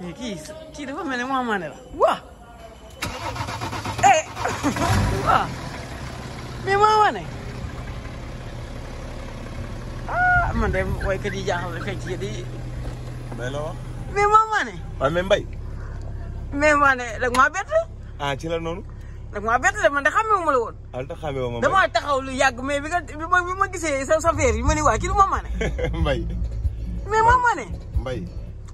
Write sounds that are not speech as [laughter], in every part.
mais kii kii dafa mel ne Mouhamad Mané la waaw. eh waaw mais Mouhamad Mané ah man de waykat yi jaaxal na fekk di. mais la wax. mais Mouhamad Mané. waaw mais Mbaye. mais Mané dag maa bett. ah ci la noonu. dag maa bett de man de xamee wu ma la woon. ah da xamee wu ma damaa taxaw lu yàgg mais bi nga bi ma bi ma gisee sa sa ma ne waa kii du Mouhamad Mané. Mbaye. mais Mouhamad Mané.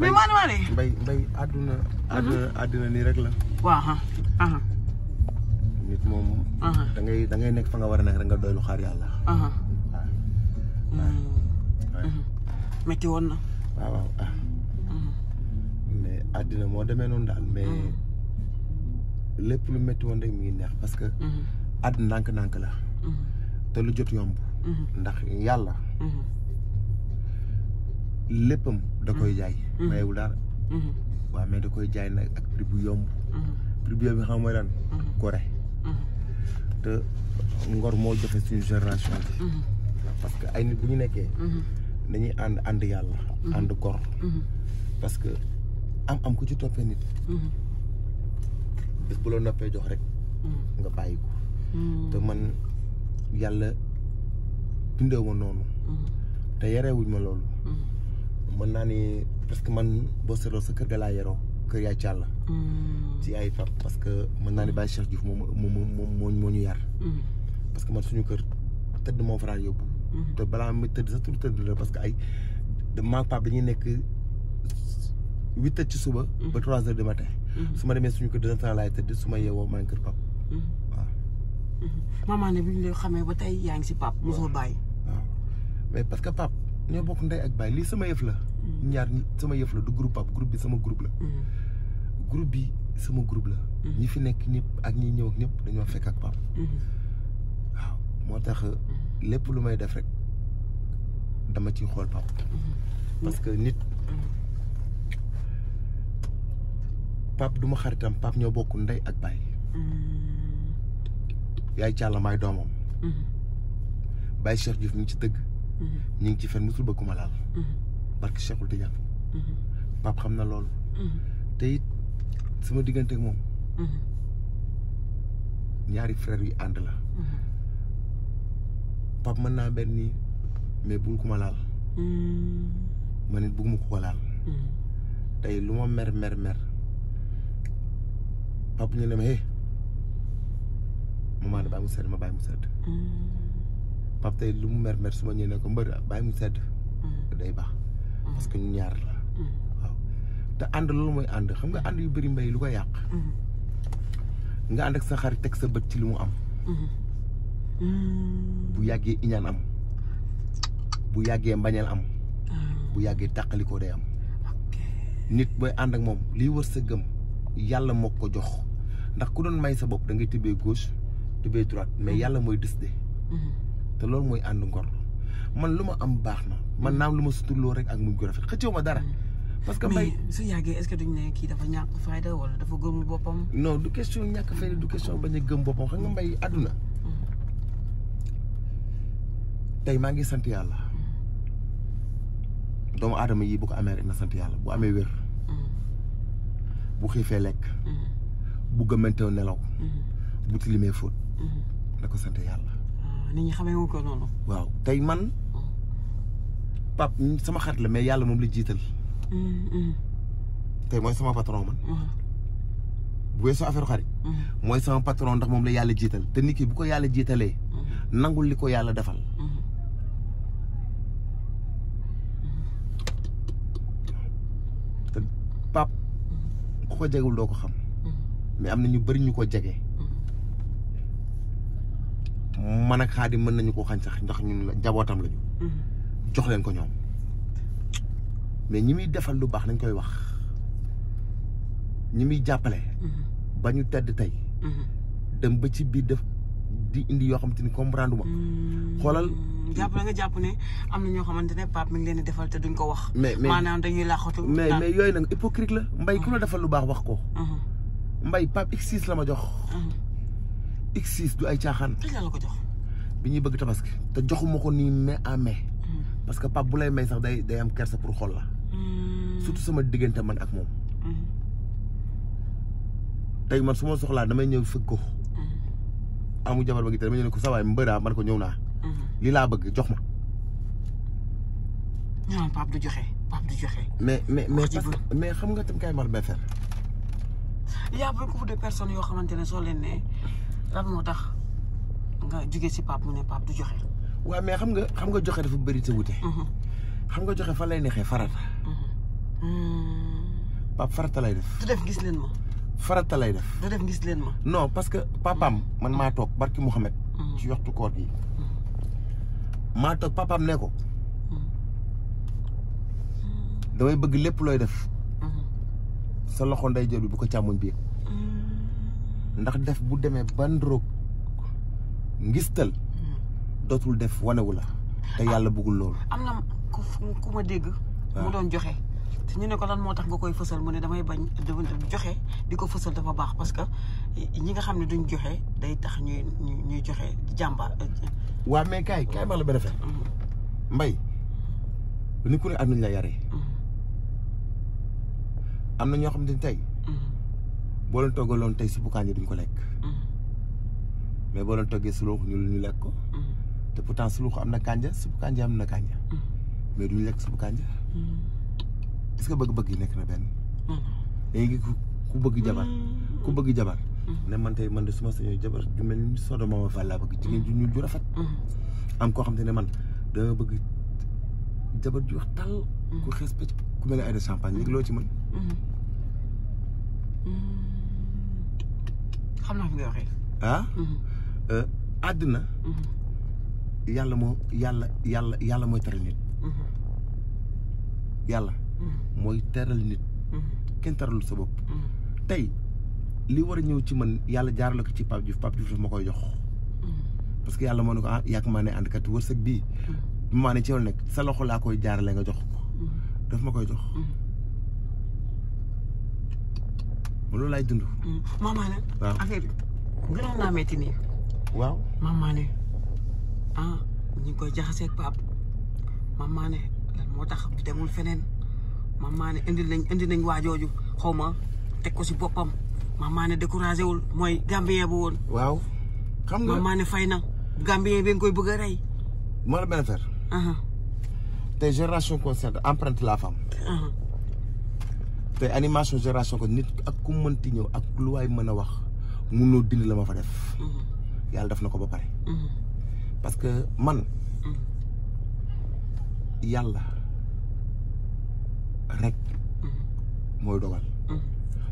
mais maanaam maa mbay mbay àdduna. Uh-huh. àdduna àdduna nii rek la. waaw ah nit moom. da dangay da ngay nekk fa nga war a nekk rek nga doylu xaar yàlla. waaw mm. waaw. metti woon na. waaw ah. mais àddina moo demee noonu daal mais. lépp lu métti woon rek mi ngi neex parce que. àddina ndànk-ndànk la. te lu jot yomb. ndax yàlla. léppam da koy mm-hmm. jaay mm-hmm. mayewul dara mm-hmm. waaw mais da koy jaay nag ak prix yomb prix yomb bi gore te ngor moo joxe suñu génération parce que ay nit bu ñu nekkee dañuy ànd ànd yàlla ànd gor parce que am am ku ci toppee nit bés bu la noppee jox rek nga bàyyi te man yàlla bindeewu ma noonu te yarewuñ ma loolu mën naa ni parce que man boo seetloo sa kër ga laa yaroo kër yaay Thial la. Mm. ci ay pap parce que mën naa ni Baye Cheikh Diouf moom moom moo moo ñu yar. Mm. parce que man suñu kër tëdd moo faral yóbbu. Mm-hmm. balaa muy tëdd tëdd la parce que ay maag pap dañuy nekk huit heures ci suba. ba mm-hmm. trois heures du matin. Mm-hmm. su ma demee suñu kër dina temps laay tëdd su ma maa ngi kër pap waaw. bi ñu lay xamee ba tey yaa ngi si pap mosoo bàyyi. waaw mais parce que pap ñoo bokk ndey ak baay lii sama yëf la. ñaar sama yëf la du groupe pap groupe bi sama group la. groupe bi sama groupe la. Mm. Mm. ñi fi nekk ñëpp ak ñi ñëw ak ñëpp dañoo fekk ak pap mm-hmm. waaw moo tax mm-hmm. lépp lu may def rek dama ciy xool pap mm-hmm. parce que nit. pap duma ma xaritam pap ñoo bokk ndey ak baay. yaay càlla maay doomam. Baye Cheikh Diouf ñu ci dëgg. ñu ngi ci fen musul bëgguma laal. barke mhm. xam na loolu. Mhm. tey suma diggante ak moom. Mhm. ñaari frères yu ànd la. Pape mën naa mel nii mais bul ko laal. man it bugguma ko ko laal. tey lu ma mer mer mer Pape ñu ne ma eh maman mu sedd ma bàyyi mu sedd. Pape tey lu mu mer mer su ma ñëwee ne ko mbër bàyyi mu sedd. day baax. Mm-hmm. parce que ñu ñaar la mm-hmm. waaw te ànd loolu mooy ànd xam nga mm-hmm. ànd yu bari mbay lu ko yàq nga ànd ak sa xarit teg sa bët ci li mu am bu yàggee iñaan am bu yàggee mbañeel am ah. bu yàggee tàqalikoo day am nit booy ànd ak moom liy wër sa gëm yàlla moo ko jox ndax ku doon may sa bopp da ngay tibbee gauche tibbee droite mais yàlla mooy décider te loolu mooy ànd ngor man lu ma am baax na man naam lu ma suturloo rek ak mu ko rafet xëccoo ma dara. Mm. parce que may su yàggee est-ce que duñ ne kii dafa ñàkk fayda wala dafa gëm boppam. non du question ñàkk du question bañ a gëm boppam xam nga mm. maa ngi sant yàlla. Mm. doomu aadama yi bu ko amee rek na sant yàlla bu amee wér. bu xiifee lekk. bu gëmmantew nelaw. bu tilimee fóot. na ko sant yàlla. nit ñi ko waaw tey man. pap sama xarit la mais yàlla moom la jiital. tey mooy sama patron man. Mm-hmm. bu weesoo affaire xarit. Mm-hmm. mooy sama patron ndax moom la yàlla jiital te nit bu ko yàlla jiitalee. Mm-hmm. nangul li ko yàlla defal. te pap ku ko jegewul doo ko xam. mais am na ñu bëri ñu ko jege. man ak xaadim mën nañu ko xañ sax ndax ñun la jabootam lañu. Mm-hmm. jox leen ko ñoom. mais ñi muy defal lu baax nañ koy wax ñi muy jàppale. Mm-hmm. ba ñu tedd tey. Mm-hmm. dem ba ci biir def di indi yoo xamante ni comprendre ma. xoolal. jàpp na nga jàpp ne am na ñoo xamante ne Pape mi leen di defal te duñ ko wax. mais mais maanaam dañuy laaxatu. mais mais yooyu nag hypocrite la. mbay ku la defal lu baax wax ko. mbay Pape x la ma jox. X6 du ay tiaxan kañ ko jox. bi bëgg tabaski. te joxuma ko nii mai à mm. parce que pap bu lay may sax day day am kersa pour xol la. Mm. surtout sama digënté man ak mom mm-hmm. tay man suma soxla damay ñëw fekk ko. Mm-hmm. amu jabar ba gi te damay ñëw ko saway mbeura ah, man ko ñëwna mm-hmm. li la bëgg jox ma. non Pape du joxe Pape du joxe. mais mais mais xam nga tam kay mar benn Ya y a beaucoup de personnes yoo xamante ne soo leen lan moo tax nga jugee si Pape mu ne Pape du joxe. waaw mais xam nga xam nga joxe dafa bëri te wute. Mhm. xam nga joxe fa lay neexee farata. Mhm. Pape farata lay def. du def gis leen ma. farata lay def. du def gis parce que papaam mhm. man maa toog barki Mouhamed. ci waxtu koor gi. maa toog papaam ne ko. damay bëgg lépp looy def. sa loxo ndeyjoor bi bu ko càmmoñ bi ndax def bu demee ba ndroog ngistal dootul def wanewu la te yàlla bëggul loolu am na ku ma dégg mu doon joxe te ñu ne ko lan moo tax nga koy fësal mu ne damay bañ joxe di ko fësal dafa baax parce que ñi nga xam ne duñ joxe day tax ñuy ñuy joxe jàmbaar euh, euh. waaw mais kaay kaay ma la benn mm-hmm. mbay ni ku ne am nañ la yaree mm-hmm. am na ñoo xam ne tey boo leen tay tey suppu kànja duñ ko lekk. Mm-hmm. mais bolon leen toggee sulux ñu ñu lek ko. Mm-hmm. te pourtant sulux am na kànja suppu kànja am na mm-hmm. mais duñ lekk suppu kànja. est-ce que bëgg-bëgg yi nekk na benn. léegi ku bëgg jabar ku bëgg jabar. ne man tay man suma jabar du mel ni Sodoma ma Fall bëgg ci ñu ñu ju rafet. am ko xam ne man nga bëgg jabar ju xtal ku respect ku mel ay de champagne léegi ci xam na fi nga waxee. ah. Mm-hmm. Euh, àddina. Mm-hmm. yàlla moo yàlla yàlla yàlla mooy teral nit. Mm-hmm. yàlla. mooy teral nit. kenn teralul sa bopp. tey li war a ñëw ci man yàlla jaarale ko ci Pape Diouf Pape Diouf daf ma koy jox. parce que yàlla moo ne ko ah yàgg ma ne ànd kat wërsëg bii. maa ne ci yow nekk sa loxo laa koy jaarale nga jox ko. ma koy jox. loolu laay dund. Mm. maman nag. waaw affaire bi gënoon naa nii. waaw maman ne ah ñu ngi koy jaxasee ak pap maman moo tax demul feneen maman ne indi nañ indi nañ waajooju xaw ma teg ko si boppam maman ne découragé wul mooy gambien bu woon. waaw xam nga maman ne fay na gambien bi nga koy bëgg a rey. moo la benn affaire. te génération consciente empreinte la femme. te animation génération ko nit ak ku ti ñëw ak lu waay mën a wax mënoo dindi la ma fa def. Mm-hmm. yàlla def na ko ba pare. Mm-hmm. parce que man. Mm-hmm. yàlla rek. mooy dogal.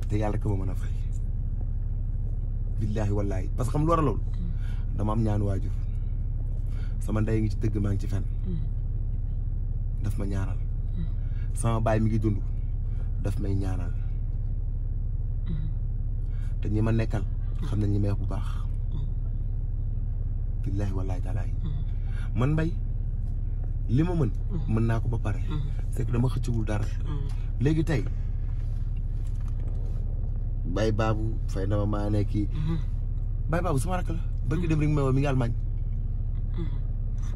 te yàlla rek ma mën a fay. billaahi wallaahi parce que xam lu war a loolu. dama am ñaan waajur sama ndey ngi ci maa ngi ci fen daf ma ñaaral. sama baay mi ngi dund. daf may ñaanal mm-hmm. te ñi ma nekkal xam nañ ñi may bu baax mm-hmm. billaahi wallaahi taalaay mm-hmm. man mbay li ma mën mën naa ko ba pare c'est que dama xëccagul dara léegi tey bay baabu fay na ma maa ne kii bay baabu sama rakk la bëgg dem rek ma mi ngi Allemagne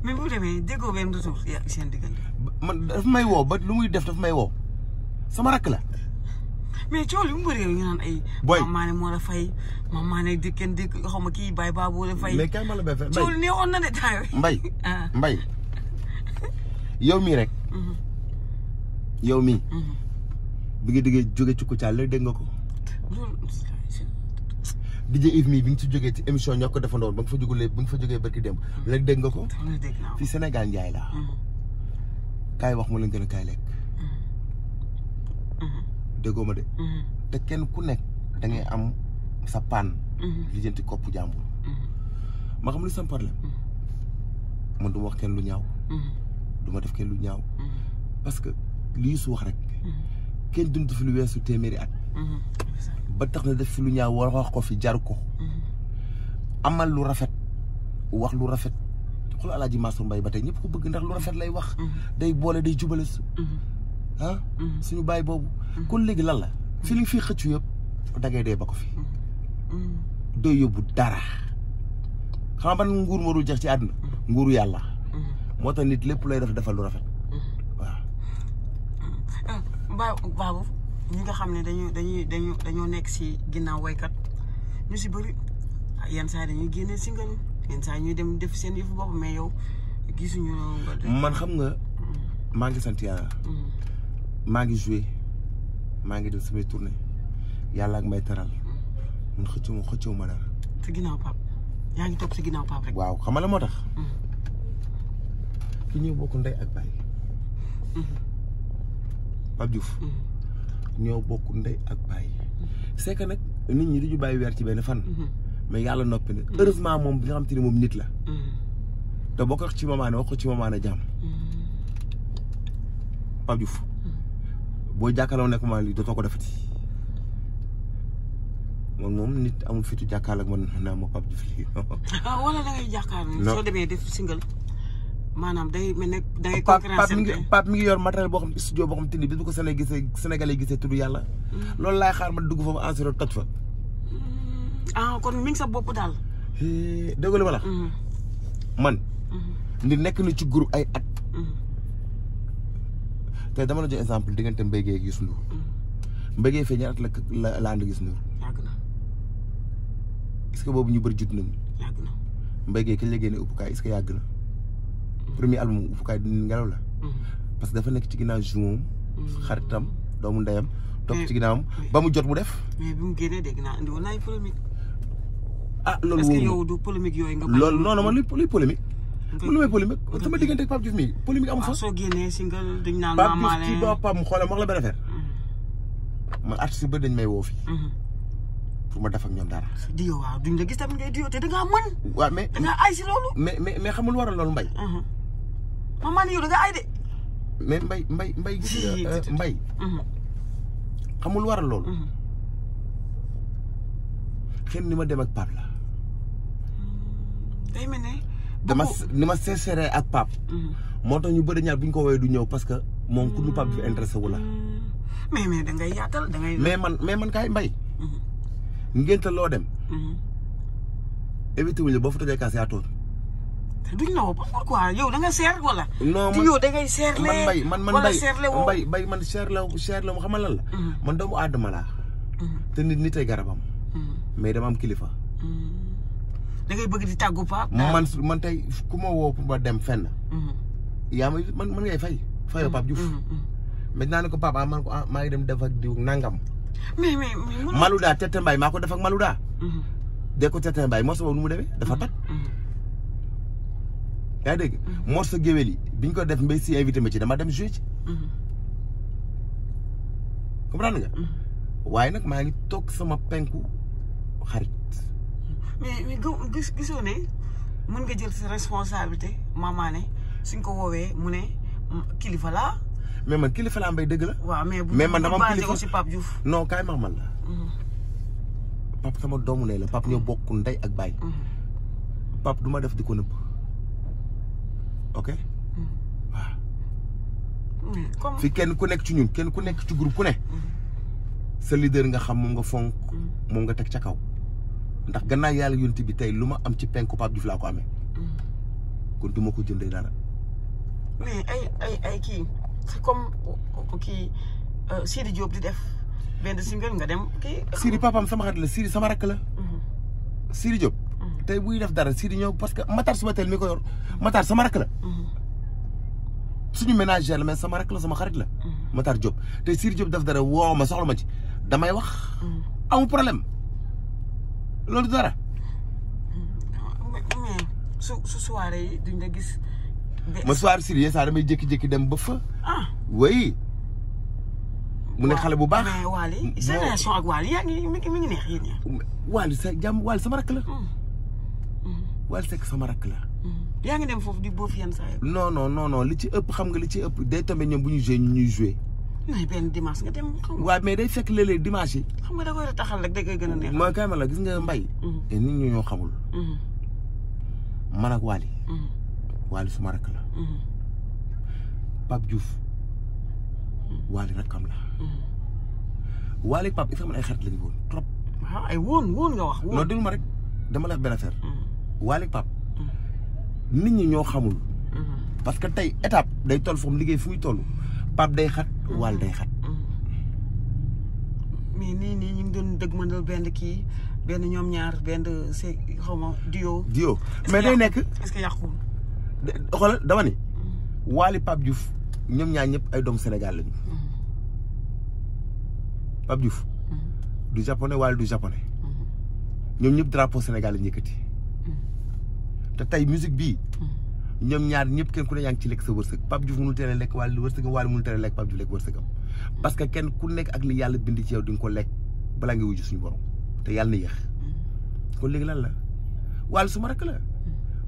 mais bu demee déggoo ba am du seen diggante man daf may woo ba lu muy def daf may woo sama rakk la. mais coow li mu bëri ñu naan ay. booy moo la fay maam maa di kenn di xaw ma kii Baye Ba boo la fay. mais kaay ma la bay fay coow li neexoon na ne taay. mbay mbay yow mii rek. Mhm. yow mi mhm. bi nga déggee jóge ci Kouthia la dégg nga ko. DJ Yves mii bi nga ci jógee ci émission ñoo ko defandoon ba nga fa jógulee ba nga fa jógee barki démb. Mhm. léegi dégg nga ko. fii senegal njaay la kaay wax mu leen gën a kaay déggoo ma de. Mm-hmm. te kenn ku nekk da am sa paan. Mm-hmm. lijjanti kopp jàmbur. Mm-hmm. ma xam li sama problème. wax kenn lu ñaaw. du ma def kenn lu ñaaw. parce que lii su wax rek. kenn dund fi lu weesu téeméeri at. ba tax na def fi lu ñaaw war wax ko fi jaru ko. lu rafet wax lu rafet xool Alaaji Mansour Mbaye ba te ñëpp ko bëgg ndax lu rafet lay wax. day boole day jubale ah mm-hmm. suñu bàyyi boobu mm-hmm. kon léegi lan la fi li fii xëccu yëpp dangay dee ba ko fi mm-hmm. doo yóbbu dara xam ban nguur moo dul ci àdduna nguuru yàlla moo nit lépp lay def defal lu rafet waaw eh, nga xam ne dañu dañuy dañu dañoo nekk si ginnaaw waykat ñu si bëri yenn saa dañuy génne single yenn ñuy dem def seen yëfu bopp mais yow gisuñu man xam nga maa ngi sant yàlla maa ngi joué maa ngi dem samay tournée yàlla ak may taral mun xëccoo ma xëccoo ma dara. waaw xam la moo tax. ki ñëw bokk ndey ak baay. Pape Diouf. ñoo bokk ndey ak baay. Mm-hmm. Mm-hmm. Mm-hmm. c'est que nag nit ñi dañu bàyyi weer ci benn fan. mais yàlla noppi bi nga xam ne moom nit la. te boo ko wax ci ci maman ne jàmm. boo jàkkaarloo nekk ma li dootoo ko defati man moom nit amul fitu jàkkaarloo ak man naa ma Pape Diouf lii. [laughs] Ah, wala da ngay jàkkaarloo. soo demee def single maanaam day mel ne day. concurrence mi ngi mi ngi yor matériel boo xam studio boo xam te ni bis ko Sénégal gisee Sénégalais gisee tudd yàlla. Mm-hmm. loolu laa xaar ma dugg foofu enseré toj fa. Mm-hmm. ah kon mi sa bopp daal. dégg ma la. Mm-hmm. man. nit nekk na ci groupe ay tey dama la jox exemple diggante Mbaye Guèye ak Youssou Ndour. Mm. Mbaye Guèye fii ñaata la la ànd ak Youssou Ndour. yàgg na est-ce que boobu ñu bëri judd nañu. yàgg na Mbaye Guèye kañ la génnee uppukaay est mm. premier album uppukaay dinañ ngelaw mm. parce que dafa nekk ci ginnaaw jumeau xaritam doomu ndeyam. toog ci ginnaawam ba mu jot mu def. mais bi mu génnee dégg naa ah, loolu wóorul est-ce que yow du man lu may polémique sama diggante ak Pape Diouf mii polémique amul fa. soo génnee single wax la benn affaire. Mm-hmm. man artiste ba dañ may woo fii. Mm-hmm. pour ma def ak ñoom dara. di yow waaw duñ la gis tamit ngay di yow te da ngaa mën. waaw mais da ngaa ay si loolu. mais xamul waral loolu mbay. man mbay mbay xamul waral loolu. xëy mm-hmm. ni ma dem ak Pape la. mel dama ni ma sincère ak Pape. Mm-hmm. moo tax ñu bëri ñaar bu ñu ko woowee du ñëw parce que moom ku dul Pape dafa intéressé wu la. Mm-hmm. mais da ngay yaatal da mais man mais man kaay mbay. Mm-hmm. ngénte loo dem. éviter wuñ la boo fa tojee kaas yaa tóor. duñ la woo pourquoi yow da nga seer wala. non man yow da ngay seerlee man mbay man man mbay mbay man seerle seerle mu xamal lan la. man doomu aadama laa. te nit nitay garabam. mais dama am kilifa. da bëgg di tàggu paa. man man tey ku ma woo pour ma dem fenn. Mhm. ma ngay fay. fayoo Pape Diouf. Mhm, mhm, ne ko papa ah, man ko ah maa ngi dem defak ak diw nangam. mais mais Malouda Tete Mbaye maa ko def ak Malouda. de ko Tete Mbaye morso boobu nu mu demee dafa tag yaa dégg morso géwél yi bi ko def mbay si invité ma ci dama dem joué ci. comprendre nga. waaye nag maa ngi toog sama penku xarit. mais gis mën nga jël sa responsabilité maamaane suñ ko woowee mu ne kilifa laa. mais man kilifa laa mbay dëgg la. waaw mais bu man dama am kilifa si Pape Diouf. non kaay ma man la. Mhm. Pape sama doomu ndey la Pape ñoo bokk ndey ak baay. Mhm. Pape du def di ko nëbb. ok. Mhm. fi kenn ku nekk ci ñun kenn ku nekk ci groupe ku ne. sa leader nga xam moom nga fonk. moom nga teg ca kaw. ndax gannaaw yàlla yonti bi tey lu ma am ci penku Pape Diouf laa ko amee. kon du ma ko jëndee dara. mais ay ay ay kii c'est comme euh, kii euh, Sidi Diop di def benn single nga dem kii. Sidi papaam sama la Sidi sama rakk la. Mhm. Sidi Diop. Mhm. tey buy def dara Sidi ñëw parce que Matar suba teel mi ko yor Matar sama rakk la. Mhm. suñu ménagère la mais sama rakk la sama xarit la. Matar Diop tey Sidi Diop def dara woo ma soxla ma ci damay wax. amul problème. loolu dara. su su soirée yi duñ la gis. ma soirée Syrie saa damay jékki-jékki dem ba fa. ah oui. mu ne xale bu baax mais Waly sa ak Waly yaa ngi mi jàmm Waly sama rakk la. Mm. Mm. Waly Seck sama rakk la. Mm. yaa ngi dem foofu di boof yenn saa non non non li ci ëpp xam nga li ci ëpp day tombe ñoom bu ñu joué ñu ñuy joué. mais nga dem xaw ma. waaw mais day fekk léeg yi. xam nga da koy taxal rek da koy gën a neex. mooy kay ma la gis nga mbay. Mm-hmm. te nit ñi ñoo xamul. Mm-hmm. man ak Waly. Mm-hmm. Waly suma rakk la. Pape Diouf Waly rakkam la. Waly Pape il faut ay xarit lañu woon trop. Ah, ay woon woon nga wax. non déglu ma rek dama la benn affaire. Waly nit ñi ñoo xamul. parce que tey étape day tol foofu liggéey fu muy toll Pape day xat. wàll day xat mm. mais nii nii ñu ngi doon dëgg mënal benn kii benn ñoom ñaar benn se xaw ma duo mais day nekk est-ce que yàquwul dama ni mm. Wally Pape Diouf ñoom ñaar ñëpp ay doom Sénégal lañu mm. Pape Diouf du japonais Wally du japonais ñoom ñëpp drapeau Sénégal lañu yëkkati te tey bii ñoom ñaar ñëpp kenn ku ne yaa ngi ci lekk sa wërsëg Pape Diouf mënul tere lekk wàllu wërsëgam wàllu mënul tere lekk Pape Diouf lekk wërsëgam parce que kenn ku nekk ak li yàlla bind ci yow di ko lekk balaa nga wujju suñu borom te yàlla na yéex kon léegi lan la wàllu suma rek la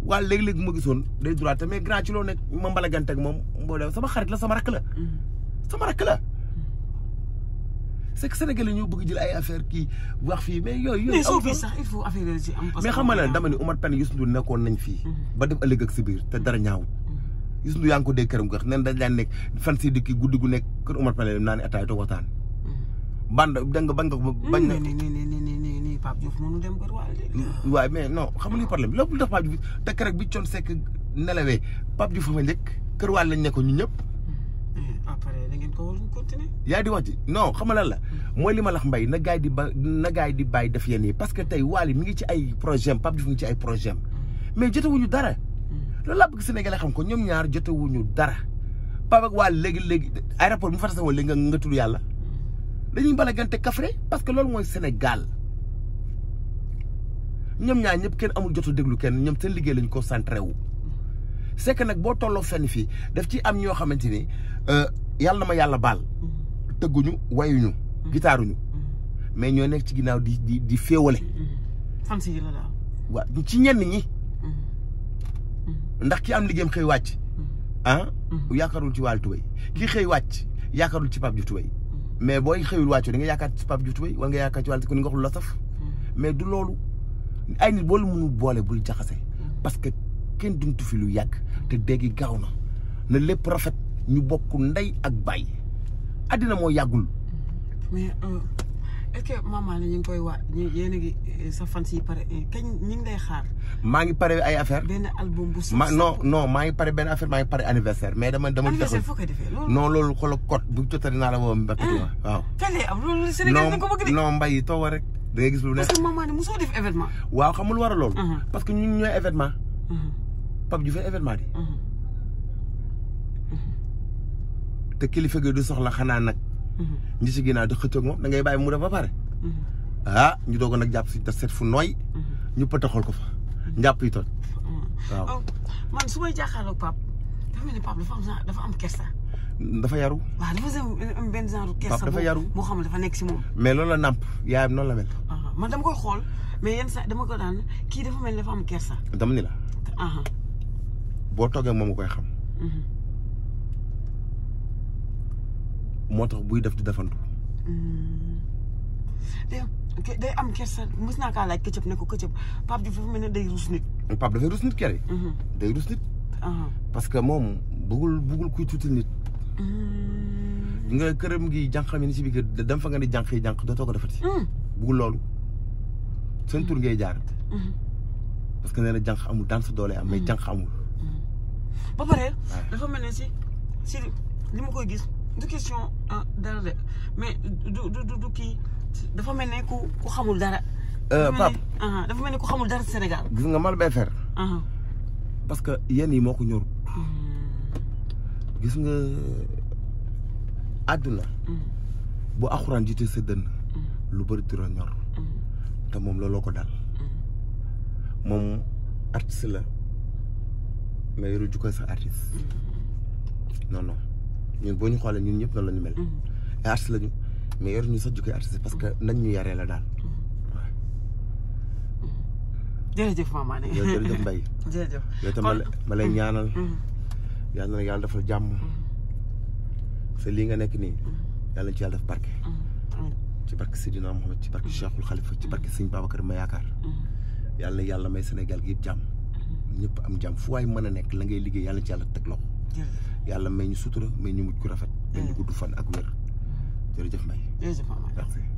wàllu léegi-léegi bu ma gisoon day droit mais grand ci loo nekk ma mbalagante ak moom boo sama xarit la sama rakk la mm-hmm. sama rakk la c'est que sénégalais ñoo bëgg jël ay affaire kii wax fii mais yooyu. yooyu am sax il faut affaire yooyu ci am. parce que mais xam nga ne dama ni Omar Pène Youssou Ndour nekkoon nañ fii. Mhm. ba def ëllëg ak si biir te dara ñaawul. Mhm. Youssou Ndour yaa ngi ko dégg guddi gu kër Omar Pène dem naa ne band dégg nga bañ nga mhm, bañ na. nii nii nii nii nii dem kër waaye. waaye mais bi Thione Seck nelawee Pape Diouf fa njëkk kër waale lañ nekkoon ñun yaa di wax ji non xam nga lan la mooy li ma lax mbay na gaay di ba na yi di bàyyi def yenn yi parce que tey Wally mu ngi ci ay projet am Pape Diouf ngi ci ay projet mais jotewuñu dara mm. loolu laa bëgg Sénégalais xam ko ñoom ñaar jotewuñu dara Pape ak Wally léegi léegi aéroport bi mu fara sa woon léegi nga nga tudd yàlla dañuy bala gante kafre parce que loolu mooy Sénégal ñoom ñaar ñëpp kenn amul jotu déglu kenn ñoom seen liggéey lañ ko concentré wu c'est nag boo tolloo fenn daf ci am ñoo xamante ni euh, yalla na ma yàlla baal mm-hmm. tëgguñu wayuñu mm-hmm. gitaaruñu mm-hmm. mais ñoo nekk ci ginaaw di di di féewale fan si la wa waaw ci ñenn ñi ndax ki am liggéeyam xëy wàcc ah yaakaarul ci wàllu tubéy ki xey wacc yaakaarul ci Pape Diouf tubéy mais boy xëyul wàccoo da nga yaakaar ci Pape Diouf tubéy wala nga yaakaar ci wàllu ko ni nga waxul la saf mais du lolu ay nit bo lu mënul boole bul jaxase parce que kenn duntu fi lu yàgg te dégg gawna na lepp lépp rafet ñu bokk ndey ak baay àddina moo yàggul. mais euh, est ñu ngi koy waa yéen a ngi euh, sa fan si pare euh, kañ ñu ngi maa ngi pare ay affaire benn album bu. ma non non maa ngi pare benn affaire maa ngi anniversaire mais dama dama. anniversaire foo koy defee loolu. non loolu xoolal code bu ah. waaw. kañ lay rek. da ngay gis lu nekk parce que maman war a loolu. Uh-huh. parce que ñun ñooy événement. Uh-huh. Pape Diouf événement di. Uh-huh. te kilifa gi du soxla xanaa nag. Mhm. ñi si ginnaaw di xëccoog moom da ngay bàyyi mu def ba pare. Mhm. ah ñu doog nag jàpp si def seet fu nooy. Mhm. ñu pëtaxol ko fa. njàpp yi toj. waaw oh, man su may jàkkaarloog Pape dafa mel ni Pape dafa am dafa am kersa. dafa yaru. waaw dafa am xam dafa nekk si mais loolu la nàmp yaayam noonu la mel. Ah, man dama xool mais yenn saa dama ko daan kii dafa mel ni dafa am kersa. dama ni la. Ah. boo toogee moom koy xam. moo tax buy def di defantu. Hmm. day day am kersa mës naa kaa laaj këcëb ne ko këcëb Pape Diouf dafa mel ne day ruus nit. Pape dafay ruus nit kere. Hmm. day ruus nit. Uh-huh. parce que moom bëggul bëggul kuy tuutil nit. Hmm. nga këram gi jànq mi ni si biir dem fa nga ni jànq yi jànq dootoo ko defati. bëggul loolu seen tur ngay jaar. parce que nee na amul daan sa doole am mais jànq amul. ba pare dafa mel ne si si li ma koy gis. Deux question ah, dara de mais du du du qui dafa Je ne ku ku xamul dara. Euh, dafa je ah, Sénégal. gis nga mal ah. parce que yenn yi moko ñor. Hmm. gis nga aduna hmm. bu sa hmm. lu ñor. ko dal. artiste la mais sa artiste. non non. ñun boo ñu xoolee ñun ñëpp noonu la ñu mel. Mm-hmm. ay artistes lañu mais yor ñu sa jukki artistes parce que mm-hmm. nañ ñu yaree la daal. Mm-hmm. jërëjëf maman de. jërëjëf Mbaye. [laughs] jërëjëf yow ma lay yaa yàlla na yàlla defal jàmm. sa lii nga nekk nii. yàlla ci yàlla def barke. ci barke Sidina Mohamed ci barke Cheikhul Khalifa ci barke Sëñ Babacar ma yaakaar. yàlla na may Sénégal gi yëpp jàmm. ñëpp am jàmm fu waay mën a nekk la ngay liggéey yàlla ci yàlla teg loxo. yàlla may ñu sutura may ñu mujj ku rafet. may ñu mm. gudd fan ak wér jërëjëf Mbaye. jërëjëf Mbaye